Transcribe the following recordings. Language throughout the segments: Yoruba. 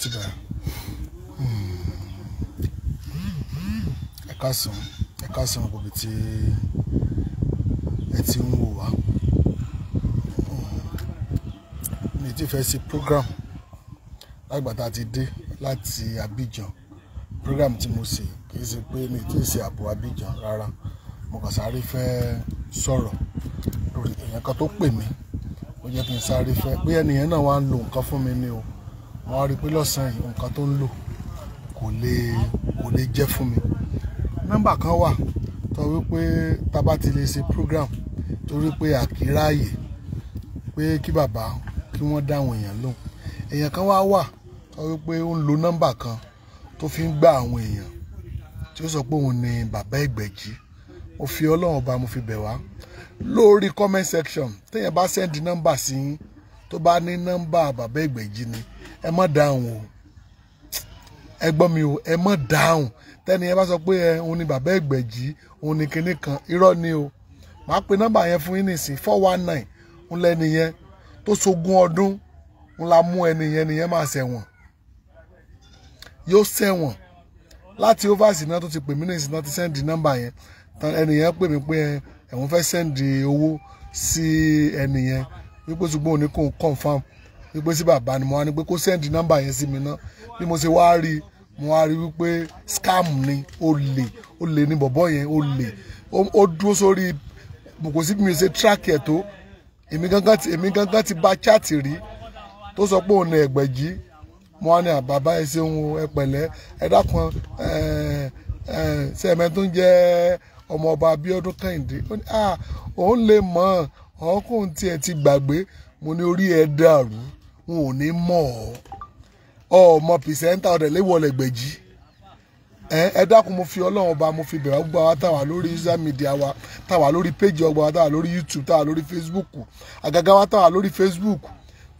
Tiba. Ẹ káàsán, ẹ káàsán gbogbo tí ẹ ti ń wò wá. Hmm. Mi ti fẹ́ ṣe program lágbàtà ti dé láti Abidjan. Program tí mo ṣe kì í ṣe pé mi ti ṣe àbò Abidjan rárá. Mo kàn sáré fẹ́ sọ̀rọ̀ èèyàn kan tó pè mí ó jẹ́ kí n sáré fẹ́ pé ẹnìyẹn náà wá ń lo nǹkan fún mi ni o mo wá rí i pé lọ́sàn-án yìí nǹkan tó ń lò kò lè kò lè jẹ́ fún mi nọ́mbà kan wà tó wípé tá bá ti lè ṣe program torí pé àkíráàyè pé kí bàbá kí wọ́n dáwọn èèyàn lóhùn èèyàn kan wá wà tó wípé ó ń lo nọ́mbà kan tó fi ń gba àwọn èèyàn tí ó sọ pé òun ni bàbá ìgbẹ̀jì mo fi ọlọ́run ọba mo fi bẹ̀ wá lórí comment section téèyàn bá sẹ́ndì nọ́mbà sí yín tó bá ní nọ́mbà bàbá ìgbèjì ni ẹ má dáhùn o ẹ gbọ́ mi o ẹ má dáhùn tẹ́ni ẹ bá sọ pé ẹ òun ni bàbá ìgbèjì òun ni kinní kan irọ́ ni o màá pe number. yẹn fún yín nìsín four one nine ń lẹ́ni yẹn tó sogún ọdún ń la mú ẹni yẹn nìyẹn máa ṣẹ̀wọ̀n yóò ṣẹ̀wọ̀n láti overs náà tó ti pè mí nìsín náà ti sẹ́ndì number. yẹn ẹni yẹn pè mí pé ẹ ẹ̀wọ̀n fẹ́ sẹ́ndì owó sí ẹni yẹn wípé ṣùgbọ́n òní kò confam wípé sí bàbá ni mo wá ní pé kó sẹ́ndì nọ́mbà yẹn sí mi ná bí mo ṣe wá rí mo wá rí wípé scam ni olè olè ni bọ̀bọ́ yẹn olè ó dúró sórí kò sí bí mi ṣe track ẹ̀ tó èmi gangan ti èmi gangan ti ba chat rí tó sọ pé òun ni ẹgbẹ̀jì mo wá ní àbàbá ẹ ṣeun ẹ pẹ̀lẹ́ ẹ dákun ẹ ṣe ẹ̀mẹ́ tó ń ọmọọba Abíọ́dún Kẹ́hìndé ó ní à òun lè mọ̀ ọkùnrin tí ẹ ti gbàgbé mo ní orí ẹ dàrú n ò ní mọ̀ ọ́ ọmọ pìsẹ́ńtà ọ̀dẹ̀ léwọlẹ̀gbẹ̀jì ẹ dákun mo fi ọlọ́run ọba mo fi bẹ̀rẹ̀ ọgbà wa táwa lórí social media wa táwa lórí page ọgbà wa táwa lórí YouTube táwa lórí Facebook àgàgà wa táwa lórí Facebook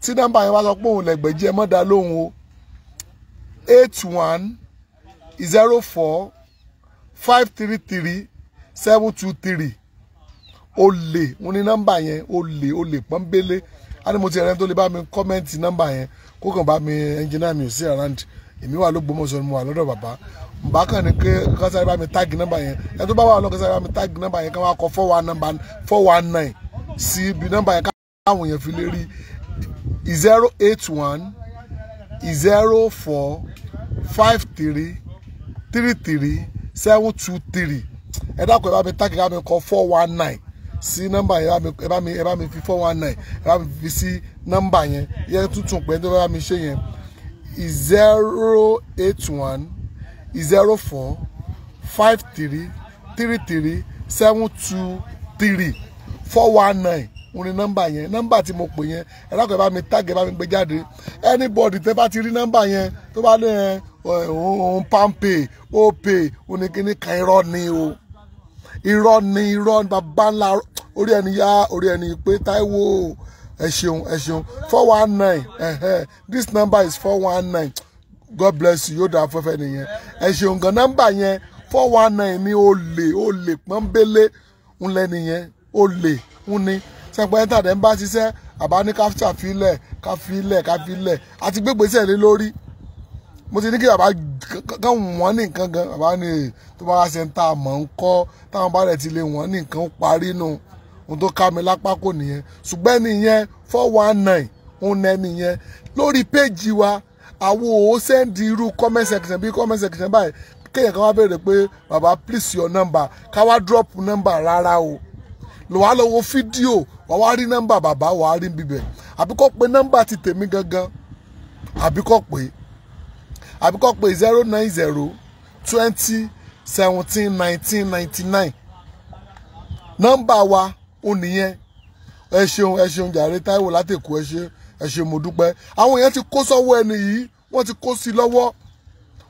tí nọ́mbà yẹn wá sọ pé òun lẹ̀gbẹ̀jì ẹ mọ́ da lóhùn o eight one zero four five three three seven two three olè mo ní nọ́mbà yẹn olè olè pọ́nbélé á ní mo ti rẹ́ni tó lè bá mi kọ́mẹ́ǹtì nọ́mbà yẹn kó kàn bá mi ẹnjìnà mi ò sí around èmi wà l'Ógbómọ̀ṣọ́ ni mo wà lọ́dọ̀ bàbá bá kàn ní pé kásáré bá mi táàgì nọ́mbà yẹn ẹni tó bá wà lọ kásáré bá mi táàgì nọ́mbà yẹn ká wá kọ four one number four one nine sí ibi nọ́mbà yẹn káwọn yẹn fi lè rí zero eight one zero four five three three three seven two three ẹ dákun ẹ bá mi táàkì ká mi kọ four one nine sí nọ́mbà yẹn ẹ bá mi ẹ bá mi fi four one nine ẹ bá mi fi sí nọ́mbà yẹn yẹn tuntun pé ẹni mi ṣe yẹn zero eight one zero four five three three three seven two three three four one nine mo ní nọ́mbà yẹn nọ́mbà tí mo pè yẹn ẹ lákòó ẹ bá mi tag ẹ bá mi gbé jáde anybody tẹ bá ti rí nọ́mbà yẹn tó bá ní ẹ òun palmpay opay oníkíní kan ni o irọ́ ni irọ́ ni bàbá ńlá orí ẹni yá orí ẹni pé Táíwò ẹ ṣeun ẹ ṣeun four one nine this number is four one nine God bless you yóò da fẹ́fẹ́ nìyẹn ẹ ṣeun gan nọ́mbà yẹn four one nine ni olè olè pọ́nbélé ń lẹ́nu yẹn olè ń ní sẹ́pẹ́ ẹ̀ńtà dẹ̀ ń bá ṣiṣẹ́ àbá ní káfíńtà fílẹ̀ káfílẹ̀ káfílẹ̀ àti gbégbèsè lé lórí mo ti ní kí bàbá kan wọ́n ní nǹkan gan bàbá ní tó bá wá sẹ́ńtà mọ̀ ń kọ́ táwọn bá rẹ̀ ti lè wọ́n ní nǹkan parí nù ohun tó ká mi lápá kò nìyẹn ṣùgbọ́n ẹni yẹn four one nine òun ẹni yẹn lórí péjì wa àwo ò sẹ́ndì irú comment section bí comment section báyìí kéèyàn kan wá béèrè pé bàbá please your number ká wá drop number rárá o wàá lọ wo fídíò wàá wá rí nọ́mbà bàbá wàá rí bíbẹ̀ àbí kó pe nọ́mbà ti tèmi gangan àbí kó pe àbí kọ́ pé zero nine zero twenty seventeen nineteen ninety nine nọ́mbà wa ó nìyẹn ẹ ṣeun ẹ ṣeun jàre Táíwò látẹ̀kù ẹ ṣe ẹ ṣe mo dúpẹ́ àwọn èèyàn ti kó sọ́wọ́ ẹni yìí wọ́n ti kó sí lọ́wọ́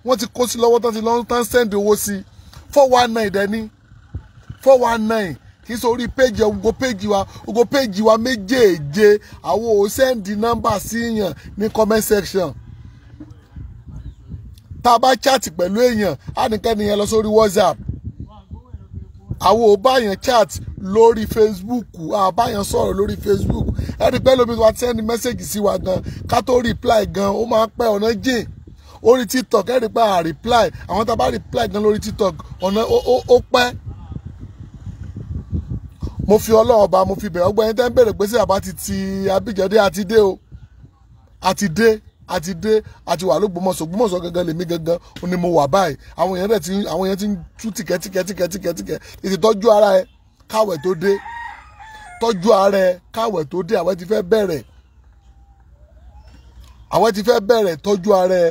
wọ́n ti kó sí lọ́wọ́ tán ti lọ́n tán sẹ́ǹdì owó sí four one nine dẹ́ni four one nine kì í sórí péjì ogo péjì wa ogo péjì wa méjèèje àwọn ò sẹ́ǹdì nọ́mbà sí yàn ní comment section tá a bá chaàtì pẹ̀lú èèyàn á nìkan lọ sórí WhatsApp àwọn ò báyàn chat lórí Facebook àbáyàn sọ̀rọ̀ lórí Facebook ẹni pẹ́ lómi wa send message sí wa gan ká tó reply gan ó máa ń pẹ́ ọ̀nà jìn orí TikTok ẹni pẹ́ à reply àwọn tá a bá reply gan lórí TikTok ọ̀nà ó pẹ́ mo fi ọlọ́run ba mo fi bẹ̀rẹ̀ ọgbọ́n ẹni tẹ́ ń bèrè pé sí àbá ti ti abíjọ́dé àti dé o àti dé àti dé àti wà lógbómọ̀ṣọ́ Ògbómọ̀ṣọ́ gangan lèmi gangan ni mo wà báyìí àwọn èèyàn rẹ̀ ti àwọn èèyàn ti ń tú tìkẹ́tìkẹ́tìkẹ́tìkẹ́ ètò ìtọ́jú ara ẹ káwẹ̀ tó dé tọ́jú ara ẹ káwẹ̀ tó dé àwẹ̀ ti fẹ́ bẹ̀rẹ̀ àwẹ̀ ti fẹ́ bẹ̀rẹ̀ tọ́jú ara ẹ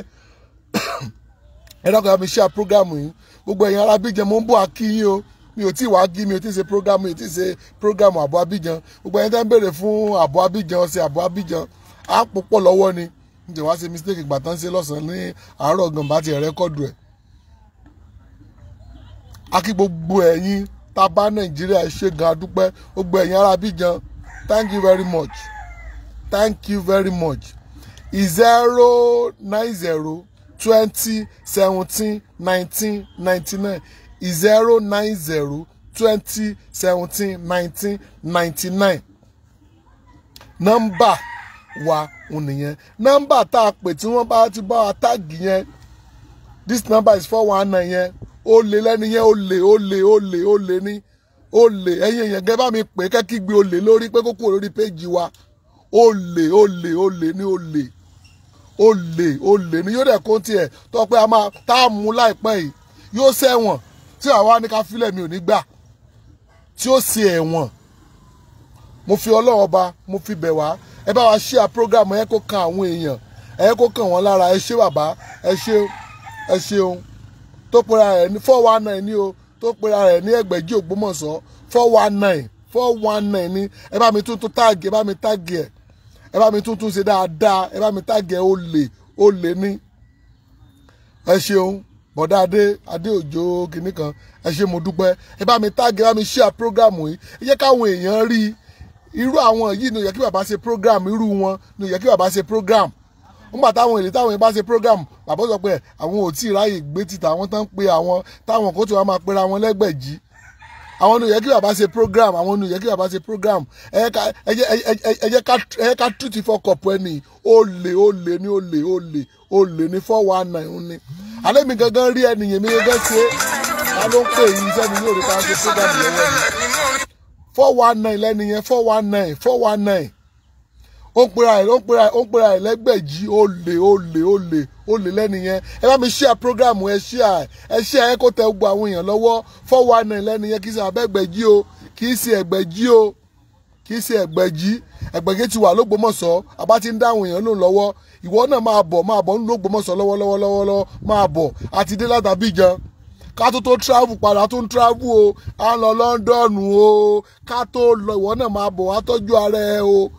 ẹ̀rọ kan mi ṣe à program yìí gbogbo ẹ̀yin ará Abidjan mo ń bọ̀ akíyín o mi ò tí ì wá gí mi ò tí ì ṣe program mi ò tí ì ṣe program àbọ̀ Abidjan gbogbo ẹ̀yin tẹ́ ń béèrè fún àbọ̀ Abidjan ọ̀sẹ̀ àbọ̀ Abidjan à ń lọ́wọ́ ni njẹ́ wá ṣe mistake ìgbà tán ṣe lọ́sàn-án ní gan bá ti rẹ́kọ̀dù ẹ̀. akí gbogbo ẹ̀yin tá a nàìjíríà ṣe gan adúpẹ́ gbogbo ẹ̀yin ará Abidjan thank you very much thank you very much zero nine zero twenty seventeen nineteen ninety nine zero nine zero twenty seventeen nineteen ninety nine Number, wa òun nìyẹn nọ́mbà tá a pè tí wọ́n bá ti bá wa táàgì yẹn this number is four one nine yẹn ó lè lẹ́ni yẹn ó lè ó lè ó lè ó lè ní ó lè ẹ̀yin èèyàn gẹ́gẹ́ bá mi pè é kẹ́kígbe ó lè lórí pé kókó lórí péjì wa ó lè ó lè ó lè ní ó lè ó lè ó lè ní yóò dẹ̀ kó tiẹ̀ tọ́ pé a máa tá a mú láìpẹ́ yìí yóò ṣẹ̀wọ̀n tí àwa ní ká fílẹ̀ mi ò ní gbà tí ó ṣe ẹ̀wọ̀n mo fi ọlọ́wọ́ ba mo fi bẹ̀ wá ẹ bá wa a program ẹ kó kan àwọn èèyàn ẹ kó kan wọn lára ẹ ṣé bàbá ẹ ṣé ẹ ṣeun tó pera rẹ̀ ní four one nine ni o tó pera rẹ̀ ní ẹgbẹ̀jì ògbómọ̀ṣọ́ four one nine four one nine ni ẹ bá mi tuntun táàgì ẹ bá mi táàgì ẹ ẹ bá mi tuntun ṣe dáadáa ẹ bá mi táàgì ẹ olè olè ní ẹ ṣeun bọ̀dá adé adé òjò kìnnìkan ẹ ṣe mo dúpẹ́ ẹ bá mi táàgì ẹ bá mi ṣíà prógrámù yìí ẹ jẹ́ káwọn èèyàn rí i irú àwọn yìí ni ó yẹ kí bàbá ṣe program irú wọn ni ó yẹ kí bàbá ṣe program nígbà táwọn èlé táwọn yẹn bá ṣe program bàbá sọ pé àwọn ò tí ì ráyè gbé títà àwọn tán pé àwọn táwọn kó tí wọn máa pera wọn lẹ́gbẹ̀jì àwọn ni ó yẹ kí bàbá ṣe program àwọn ni ó yẹ kí bàbá ṣe program ẹ jẹ́ ká tútù fọkọ̀pọ̀ ẹni olè olè ní olè olè olè ní four one nine ni alẹ́ mi gangan rí ẹnìyẹn mi gangan ṣe é ta ló ń pè yí sẹ́ni yóò rí ká ṣe program yẹn wọ́n ni four one nine lẹ́ni yẹn four one nine four one nine ó ń pera ẹ̀ ó ń pera ẹ̀ ó ń pera ẹ̀ lẹ́gbẹ̀jì olè olè olè olè lẹ́ni yẹn ẹ bá mi share program ẹ share ẹ share ẹ kó tẹ gbogbo àwọn èèyàn lọ́wọ́ four one nine lẹ́ni yẹn kì í ṣe abẹ́gbẹ̀jì o kì í ṣe ẹ̀gbẹ̀jì o kì í ṣe ẹ̀gbẹ̀jì ẹ̀gbẹ̀jì ti wà lógbómọ̀ṣọ́ àbá ti ń dá àwọn èèyàn lóun lọ́wọ́ ìwọ náà máa bọ̀ máa bọ̀ ń lógbómọ̀ṣọ́ lọ́wọ́lọ́wọ́ máa bọ̀ àti dé látàbí ká tó tó travel padà tó ń travel o à ń lọ London o ká tó lọ ìwọ náà máa bọ̀ wá tọ́jú ara ẹ o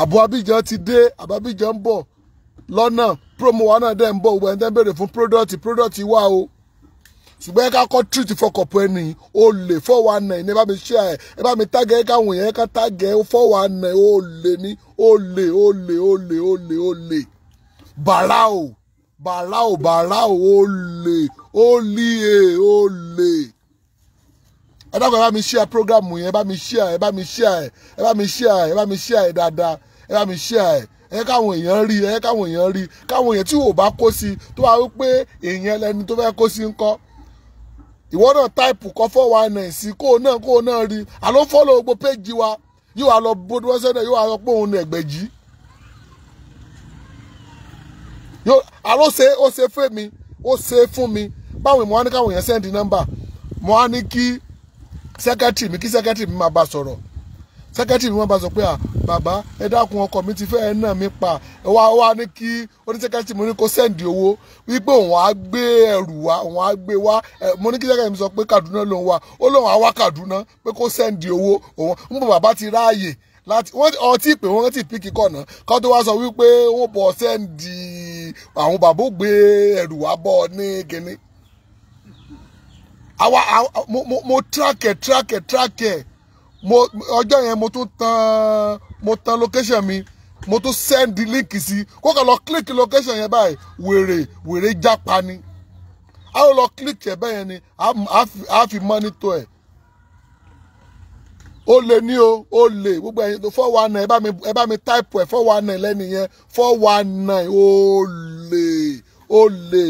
àbú Abidjan ti dé àbú Abidjan ń bọ̀ lọ́nà promo wa náà dẹ̀ ń bọ̀ wẹ̀ ń tẹ́ bèrè fún product product wa o ṣùgbọ́n ẹ ká kọ́ treat fọkànpọ̀ ẹni o lè four one nine ní ẹ bá mi ṣe ẹ ẹ bá mi tágẹ̀ ẹ káwọn èèyàn ẹ ká tágẹ̀ four one nine o lè ní o lè o lè o lè o lè o lè bàrà o bàrà o bàrà o o lè ó lé e ó lè ẹ dákun ẹ bá mi ṣíà prógrámù yẹn ẹ bá mi ṣíà ẹ bá mi ṣíà ẹ ẹ bá mi ṣíà ẹ ẹ bá mi ṣíà ẹ dáadáa ẹ bá mi ṣíà ẹ ẹ káwọn èèyàn rí ẹ káwọn èèyàn rí káwọn èèyàn tí ò bá kó sí tó bá wípé èèyàn lẹni tó fẹ́ kó sí ń kọ́ ìwọ náà táìpù kọ́ four one nine sí kó náà kó náà rí àló fọ́lọ̀ gbogbo péjì wa yóò wá lọ bóde wọ́n sẹ́dẹ̀ yóò wá lọ pé òun ẹ̀gbẹ̀jì àló ṣe ó ṣe fún mi ó ṣe fún mi báwo mo wá ní káwọn èèyàn sẹ́ndì nọ́mbà mo wá ní kí sẹ́kẹ́tìrì mi kí sẹ́kẹ́tìrì mi máa bá sọ̀rọ̀ sẹ́kẹ́tìrì mi máa bá sọ pé à bàbá ẹ dákun ọkọ mi ti fẹ́ ẹ náà mi pa wá wá ní kí oníṣẹ́kẹ́tìrì mi ní kó sẹ́ndì owó wípé òun á gbé ẹrù wá òun á gbé wá mo ní kí sẹ́kẹ́tìrì mi sọ pé Kaduna lòun wá ó lóun á wá Kaduna pé kó sẹ́ndì owó òun ń bọ̀ bàbá ti ráàyè láti wọ́n ọtí pé wọ́n ti píkì kọ̀nà kọ́ tó wá sọ wípé wọ́n bọ̀ sẹ́ndì àwọn bàbá ó gbé ẹrù wá bọ̀ ní kínní àwa mo mo mo track ẹ track ẹ track ẹ mo ọjọ́ yẹn mo tún tan mo tan location mi mo tún send link sí kó kàn lọ click location yẹn báyìí wèrè wèrè jápa ni a ó lọ click ẹ bẹ́ẹ̀ ni a fi monitor ẹ̀ ó lè ní o ó lè gbogbo ẹ̀yin tó four one nine ẹ bá mi type ẹ̀ four one nine lẹ́nu yẹn four one nine ó lè ó lè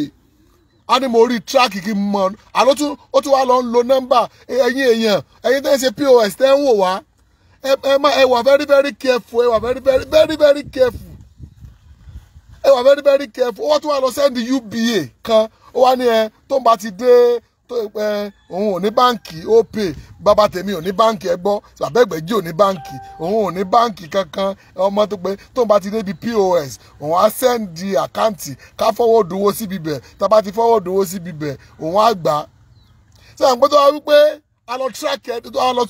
á ní mo rí tíráàkì kí n mọ̀ àló tún ó tún wá lọ ń lo nọ́mbà ẹ̀yin èèyàn ẹ̀yin tẹ́ ń ṣe pos tẹ́ ń wò wá ẹ má ẹ wà very very careful ẹ wà very very very very careful ẹ wà very very careful ó wá tún wá lọ sẹ́ndì uba kan ó wá ní ẹ tó ń bá ti dé òun ò ní báǹkì opay bàbá tèmi ò ní báǹkì ẹ gbọ́ bàbá ẹgbẹ̀jì ò ní báǹkì òun ò ní báǹkì kankan ọmọ tó pé tóun bá ti débi pos òun á sẹ́ndì àkáǹtì ká fọwọ́dù owó síbi bẹ̀ tá a bá ti fọwọ́dù owó síbi bẹ̀ òun á gbà á. sẹ́yìn pé tó wá wípé a lọ track ẹ tó a lọ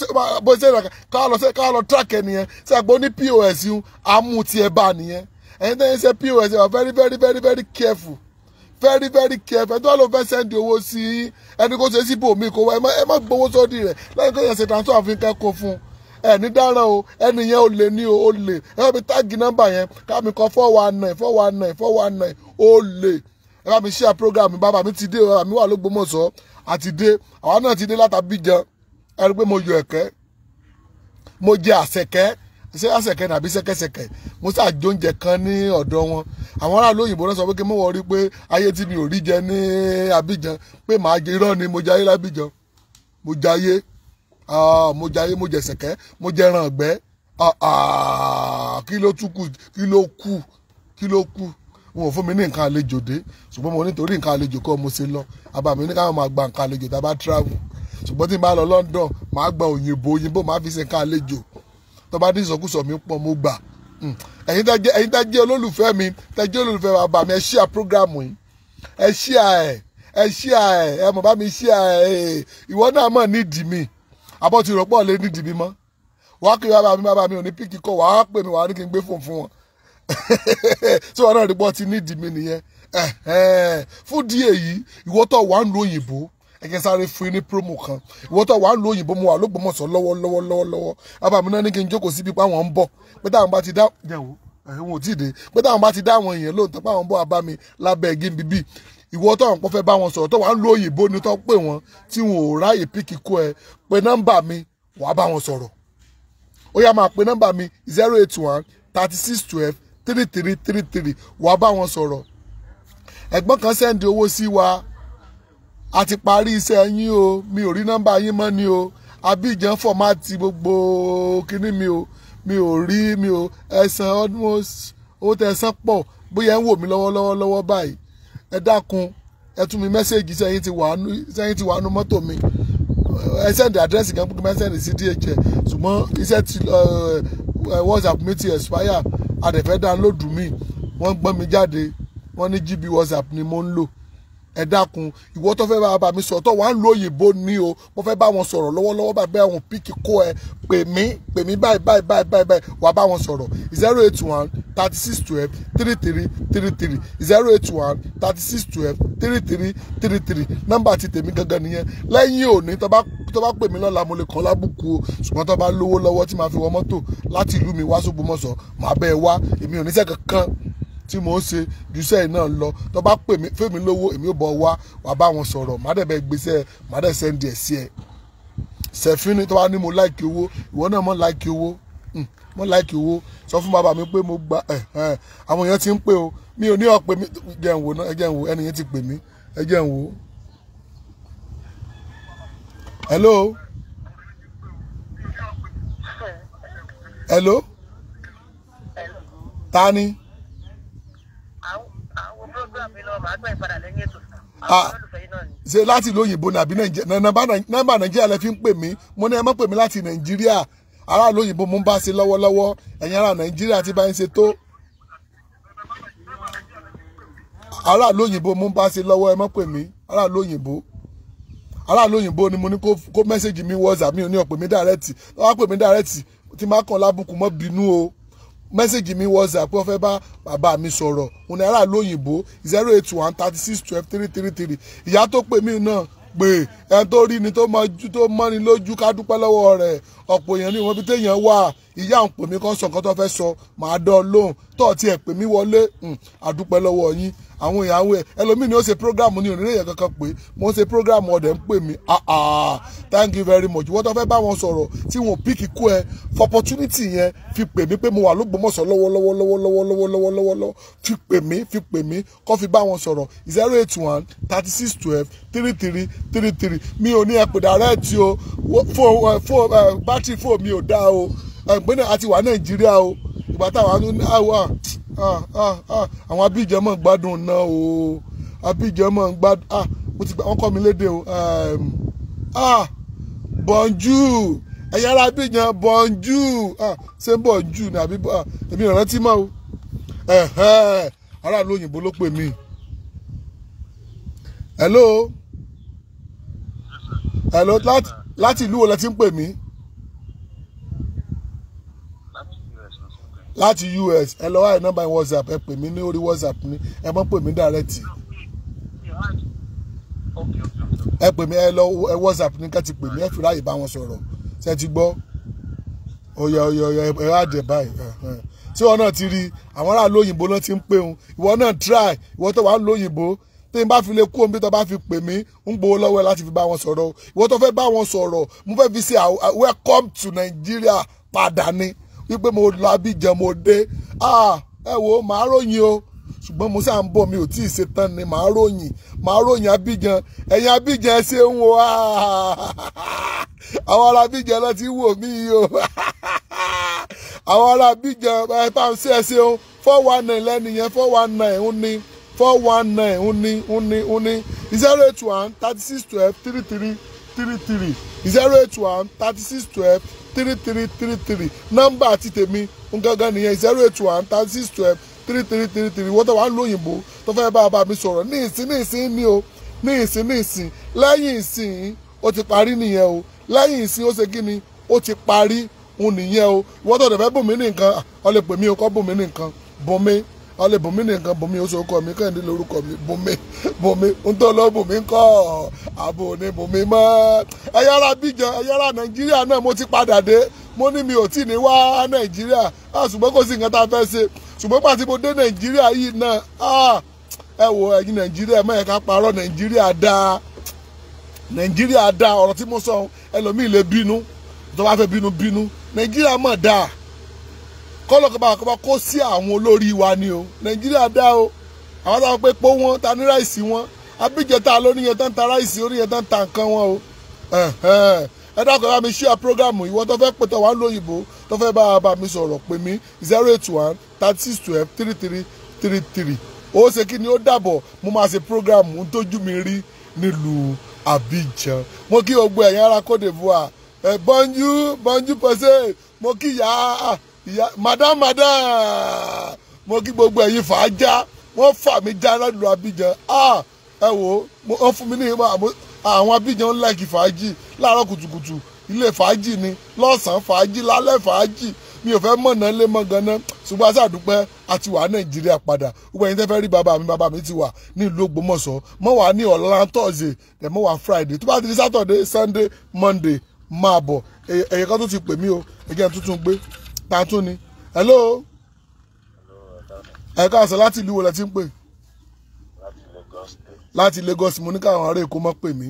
bó ṣe rẹ̀ ká lọ ká lọ track ẹ nìyẹn sẹ́yìn pé ó ní pos yìí á mú tiẹ̀ bá nìyẹn ẹ̀yin tẹ́yìn ṣe pos yẹn wà very very very very careful very very careful tó ló fẹ́ sẹ́ndì owó sí ẹni kó ṣe síbò mi kó wá ẹ má gbowó sódì rẹ̀ lẹ́yìn kó yẹn ṣe transfer àfi kẹ́kọ̀ọ́ fún ẹni dáràn o ẹni yẹn ò lè ní o ò lè ẹ bá mi táàgì nọ́mbà yẹn ká mi kọ four one nine four one nine four one nine ó lè ẹ bá mi ṣíà program bàbá mi ti dé bàbá mi wà lógbómọ̀ṣọ́ àti dé àwa náà ti dé látàbí jẹun ẹ rí i pé mo yọ ẹ̀kẹ́ mo jẹ àṣẹkẹ́ iṣẹ́ àṣẹkẹ́ nàbí ṣẹ́kẹ́ṣẹkẹ́ mo ṣàjọ oúnjẹ kan ní ọ̀dọ̀ wọn àwọn aráàlú òyìnbó náà sọ pé kí mo wọrí pé ayé tí mi ò rí jẹ ní Abidjan pé màá jẹ irọ́ ni mo jayé lábìjan mo jayé ah, mo jayé mo jẹ ṣẹ̀kẹ́ mo jẹ ẹran ọ̀gbẹ́ ah, ah, kí ló tún kù kí ló kù kí ló kù wọn ò fún mi ní nǹkan àlejò dé ṣùgbọ́n mo nítorí nǹkan àlejò kọ́ mo ṣe lọ àbàmì ní káwọn máa gba nǹkan àlejò tá a bá travel ṣùgbọ́n tí n bá lọ London màá gba òyìnbó òyìnbó màá fi ṣe nǹkan àlejò tó bá ní ìsọkúsọ mi pọ̀ mo gbà hmm. ẹ̀yin tá jẹ́ ẹ̀yin tá jẹ́ olólùfẹ́ mi tá jẹ́ olólùfẹ́ bàbá mi ẹ ṣí à prógrámù yìí ẹ ṣí à ẹ̀ ẹ ṣí à ẹ̀ ẹ mọ̀ bá mi ṣí à ẹ̀ ìwọ náà mọ̀ nídìí mi àbọ̀ ti rọ̀pọ̀ lé nídìí mi mọ́ wàá kí bàbá mi bàbá mi ò ní píkì kọ́ wàá pè mí wàá ní kí n gbé fóun fún wọn tí wọn náà rí bọ́ ti nídìí mi nìyẹn fún díẹ̀ yìí ìwọ tó wà ń lo òyìnbó ẹ̀jẹ̀ sáré fún yín ní promo kan ìwọ́n tó wàá lo òyìnbó mu wà lógbòmọ̀sọ̀ lọ́wọ́ lọ́wọ́ lọ́wọ́ lọ́wọ́ bàbá mi náà ní kí n jókòó síbi pé àwọn ń bọ̀ pé táwọn bá ti dá ẹ̀wò ẹ̀wò ò tí ì dé pé táwọn bá ti dá àwọn èèyàn lóòótọ́ pé àwọn ń bọ̀ abá mi lábẹ́ ẹ̀gí bíbí ìwọ tó àwọn kan fẹ́ bá wọn sọ̀rọ̀ tó wàá lo òyìnbó ni tó pè wọ́n tí wọn ò ráyè píkì kú ẹ pé nọ́mbà mi wàá bá wọn sọ̀rọ̀ ó yá máa pe nọ́mbà mi zero eight one thirty six twelve three three three three wàá bá wọn sọ̀rọ̀ ẹ̀gbọ́n kan sẹ́ndì owó sí wa a ti parí iṣẹ́ yín o mi ò rí nọ́mbà yín mọ́ ni o Abidjan fọ́mátì gbogbo kíní mi o mi ò rí mi o ẹ̀sán almost ó tẹ ẹ̀sán pọ̀ bóyá ń wò mí lọ́wọ́lọ́wọ́ lọ́wọ́ báyìí ẹ dákun ẹ tún mi mẹ́sẹ̀gì sẹ́yìn ti wà nú mọ́tò mi ẹ sẹ́ndì àdírẹ́sì kan gbogbo mẹ́sẹ̀gì sí DHL ṣùgbọ́n iṣẹ́ ti WhatsApp mi ti expire àdẹ̀fẹ́ download mi wọ́n gbọ́n mi jáde wọ́n ní GB WhatsApp ni mo ń lò ẹ dákun ìwọ tó fẹ́ bá bá mi sọ̀rọ̀ tó wà ń lo òyìnbó ni o mo fẹ́ bá wọn sọ̀rọ̀ lọ́wọ́lọ́wọ́ bá bẹ́ẹ̀ wọn píkì kó ẹ pè mí pè mí báyìí báyìí báyìí báyìí wà bá wọn sọ̀rọ̀ zero eight one thirty six twelve three three three three zero eight one thirty six twelve three three three three nọ́mbà ti tèmi gangan nìyẹn lẹ́yìn òní tó bá tó bá pè mí lọ́la mo lè kàn lábùkù o ṣùgbọ́n tó bá lówó lọ́wọ́ tí màá fi wọ mọ́tò láti ìlú mi wá sógbómọ̀ṣọ́ màá bẹ́ẹ̀ wá èmi ò níṣẹ́ kankan tí mò ń ṣe jùṣẹ́ yìí náà lọ tó bá pè mí fèmí lówó èmi ò bọ̀ wá wà bá wọn sọ̀rọ̀ má dẹ̀ bẹ́ gbèsè má dẹ̀ sẹ́ndì ẹ̀ sí ẹ̀ sẹ̀fínì tó bá ní mo láìkì owó ìwọ náà mọ̀ láìkì owó hmm, mọ̀ láìkì owó sọ fún bàbá mi pé mo gba ẹ̀ ẹ̀ àwọn èèyàn ti ń pè o mi ò ní ọ̀pẹ mi ẹ jẹ́ ń wò ẹnìyẹn ti pè mí ẹ jẹ́ ń wò. hello. hello. hello. ta ni. Ah. ṣe láti ìlú òyìnbó nàbí nọ́mbà nàìjíríà lẹ fi ń pè mí mo ní ẹ má pè mí láti nàìjíríà ará ìlú òyìnbó mo ń bá ṣe lọ́wọ́lọ́wọ́ ẹ̀yin ará nàìjíríà ti bá ń ṣe tó ará ìlú òyìnbó mo ń bá ṣe lọ́wọ́ ẹ má pè mí ará ìlú òyìnbó ará ìlú òyìnbó ni mo ní kó mẹ́sẹ̀gì mi wọ́ọ̀sà mi ò ní ọ̀pẹ̀ mi dàrẹ́tì lọ́wọ́ pè mí dàrẹ́tì tí má kàn lábùkù mọ́ bínú o mẹ́sẹ̀gì mi whatsapp wọ́n fẹ́ bá bàbá mi sọ̀rọ̀ òun náírà lóyìnbó zero eight one thirty six twelve three three three ìyá tó pè mí náà pé ẹni tó rí ni tó mọ́ni lójú ká dúpẹ́ lọ́wọ́ rẹ̀ ọ̀pọ̀ èèyàn ni wọ́n fi téèyàn wà ìyá ń pè mí kọ́ sọ nǹkan tó fẹ́ sọ màá dán lóhùn tó ọtí ẹ̀ pè mí wọlé àdúpẹ́ lọ́wọ́ yín àwọn ìyàwó ẹ̀ ẹlòmíì ni ó ṣe programu ní òrìlẹ̀ yẹn kankan pé mo ṣe programu ọ̀dẹ̀ ń pè mí ah, ah, thank you very much wọ́n tó fẹ́ bá wọn sọ̀rọ̀ tí wọn ò píkì kú ẹ for opportunity yẹn fi pè mí pé mo wà lógbòmọ̀sọ̀ lọ́wọ́lọ́wọ́lọ́wọ́lọ́wọ́lọ́wọ́ fi pè mí fi pè mí kọ́ fi bá wọn sọ̀rọ̀ zero eight one thirty six twelve three three three three mi ò ní ẹ pè dàrẹ́ẹ̀tì o fóò bátìrì fóò mi ò dá o ẹ̀pẹ́ náà àti wà nàìjíríà o ìgbà táwa ní àwa àwọn abíjẹmọ̀ gbádùn náà o abíjẹmọ̀ gbádùn ah mo ti gbà wọ́n kọ́ mi léde o ah bọ̀njú ẹ̀yà ara abíjan bọ̀njú ah ṣé bọ̀njú ni àbí èmi ìrántí mọ́ o aráàlú òyìnbó ló pè mí hello hello láti ìlú wo la ti ń pè mí. láti US ẹ lọ wá nọ́mbà WhatsApp ẹ pè mí ní orí WhatsApp mi ẹ mọ́ pè mí dàrẹ́tì ẹ pè mí ẹ lọ ẹ WhatsApp ní ká ti pè mí ẹ fi ráàyè bá wọn sọ̀rọ̀ ṣe ti gbọ́ ọ̀yà ọ̀yà ọ̀yà ẹ wá jẹ báyìí tí wọn náà ti rí àwọn ará lóyìnbó náà ti ń pè wọn ìwọ náà try ìwọ tó wà ń lóyìnbó tí n bá fi lè kú omi tó bá fi pè mí ń gbowó lọ́wọ́ ẹ láti fi bá wọn sọ̀rọ̀ ìwọ tó fẹ́ bá wọn sọ̀rọ̀ mo fẹ́ fi ṣe welcome to Nigeria padà ni wípé mo lọ Abidjan mo dé ah, ẹ wo màá ròyìn o ṣùgbọ́n mo sáà ń bọ̀ mi ò tí ì ṣe tán ni màá ròyìn màá ròyìn Abidjan ẹ̀yin Abidjan ṣe ń wo àwọn ará Abidjan lọ ti wò mí o àwọn ará Abidjan ẹ bá ń ṣe ẹ ṣeun four one nine lẹ́nu yẹn four one nine ń ní four one nine ń ní ń ní ń ní zero eight one thirty six twelve three three three three zero eight one thirty six twelve. three three three three àti tèmi ngangan nìyẹn zero wọ́n wà tó fẹ́ bá mi sọ̀rọ̀ ní ìsín ní ìsín ní o ní ìsín ní ìsín lẹ́yìn ìsín o ti parí nìyẹn o lẹ́yìn ìsín o ṣe kí ni o ti parí òun o a lè bùnmí nìkan bùnmí oṣù ọkọ mi kẹ́hìndé lórúkọ mi bùnmí bùnmí ń tó lọ bùnmí ń kọ́ ààbò ní bùnmí mọ́ ẹ̀yára bíjan ẹ̀yára nàìjíríà náà mo ti padà dé mo ní mi ò tí ní wá nàìjíríà ah, ṣùgbọ́n kò sí nǹkan tá a fẹ́ ṣe ṣùgbọ́n pàtí mo dé nàìjíríà yìí náà ah, ẹ wo ẹ̀yin nàìjíríà mọ̀ ẹ̀ ká parọ́ nàìjíríà dáa nàìjíríà dáa ọ̀rọ̀ tí mo sọ ẹlòmíì lè bínú tó fẹ́ bínú bínú nàìjíríà mọ̀ dáa kọ́lọ̀ kọ́ba kọ́ba kó sí àwọn olórí wa ni o nàìjíríà dá o àwọn táwọn pé pó wọn ta ní ráìsì wọn abíjẹta lóníyẹn tán ta ráìsì oníyẹn tán ta nǹkan wọn o ẹ dákọ̀ bá mi ṣíà prógrámù ìwọ tó fẹ́ pẹ̀tọ̀ wá lóyìnbó tó fẹ́ bá bá mi sọ̀rọ̀ pè mí zero eight one thirty six twelve three three three three ó ṣe kí ni ó dàbọ̀ mo máa ṣe prógrámù tójú mi rí nílùú Abidjan mo kí gbogbo ẹ̀yin ará Côte d'Ivoire ẹ̀ bọ́njú bọ́njú pẹ̀sẹ̀ mo kí yàá madam madam mo kí gbogbo ẹ̀yin fà á já wọ́n fà mí já lọ́dún Abidjan ah ẹ wo wọ́n fún mi ní ah, àwọn Abidjan ń láìkì fàájì láàárọ̀ kùtùkùtù ilé fàájì ni lọ́sàn-án fàájì lálẹ́ fàájì mi ò fẹ́ mọ̀nà lé mọ́ ganan ṣùgbọ́n aṣáàdúpẹ́ àti wà nàìjíríà padà gbogbo ẹ̀yin tẹ́ fẹ́ rí bàbá mi bàbá mi ti wà ní ìlú Ògbómọ̀ṣọ́ mọ́ wà ní ọ̀la tọ́sídẹ̀ẹ́ dẹ̀ mọ́ wà friday tó bá ti di saturday sunday monday máa bọ̀ ẹ̀yẹ kan tó ti pè mí o ẹ̀gẹ́ tuntun gbé ta ni hello ẹ káàsán láti ìlú wo lẹ ti ń pè láti Lagos mo ní káwọn ará Èkó mọ́ pè mí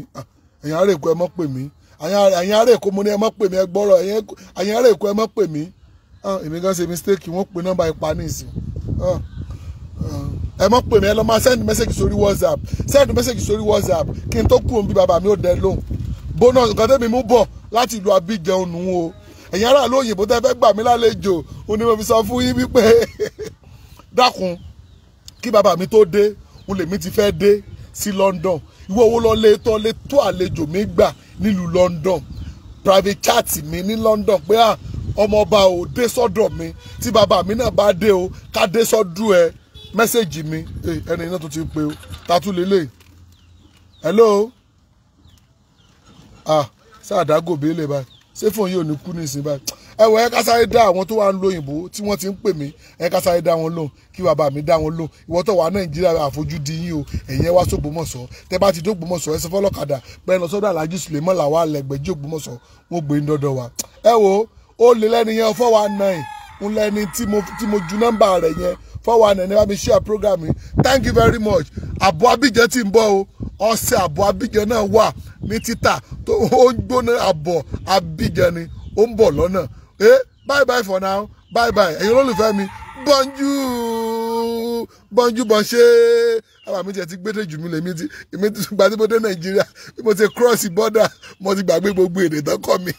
ẹ̀yin ará Èkó ẹ mọ́ pè mí ẹ̀yin ará Èkó mo ní ẹ mọ́ pè mí ẹ gbọ́rọ̀ ẹ̀yin ará Èkó ẹ mọ́ pè mí èmi gan ṣe mistake wọ́n pe nọ́mbà ipa ní ìsìn ẹ mọ́ pè mí ẹ lọ máa send message sórí WhatsApp send message sórí WhatsApp kí n tó kúrò bí bàbá mi ò dẹ lóhùn bonus nǹkan tẹ́mi mú bọ̀ láti ìlú Abidjan nù o ẹ̀yin aráàlú òyìnbó tẹ́ fẹ́ gbà mí lálejò ó ní mo fi sọ fún yín wípé dákun kí bàbá mi tó dé n lèmi ti fẹ́ dé sí London ìwọ owó lọ lé tọ́ lé tó àlejò mi gbà nílùú London private chat mi ní London pé à ah, ọmọọba ò dé sọ́dọ̀ mi tí bàbá mi náà bá dé o ká dé sọ́dọ̀ ẹ mẹ́sẹ̀gì mi ẹni iná tó ti pe o tatu lélẹ̀ hello ah sáà dágò bí lè báyìí ṣé fóun yóò ní kú nísìnyí báyìí ẹ wọ ẹ ká sáré dá àwọn tó wà ń lo òyìnbó tí wọ́n ti ń pè mí ẹ ká sáré dá wọn lóhùn kí bàbá mi dá wọn lóhùn ìwọ tó wà nàìjíríà àfojúdi yín o ẹ̀yin ẹ wá sógbómọ̀ṣọ́ tẹ bá ti dógbómọ̀ṣọ́ ẹ sọ fọlọ́kadà bẹ́ẹ̀ lọ sọ́dọ̀ alájú sùlẹ̀mọ́ làwọn alẹ́gbẹ̀jì ògbómọ̀ṣọ́ wọn gbé dọ́dọ̀ wa ẹ wo ó lè lẹ́ni yẹn four one nine ń lẹ́ni tí mo ju nọ́mbà rẹ̀ yẹn four one nine ẹ bá mi share program yìí thank you very much àbọ̀ abíjẹ́ ti ń bọ̀ o ọ̀sẹ̀ àbọ̀ abíjẹ́ náà wà ní títà tó ń gbóná àbọ̀ abíjẹ ó ń bọ̀ lọ́nà ẹ eh, bye bye for now bye bye ẹ̀yin olólùfẹ́ mi bọ́njú bọ́njú bọ́n ṣe àbá mi tiẹ̀ ti gbé jù mí lè mi ti èmi ti gba tí mo dé nàìjíríà bí mo ti cross border mo ti gbàgbé gbogbo èdè tán kọ́ mi.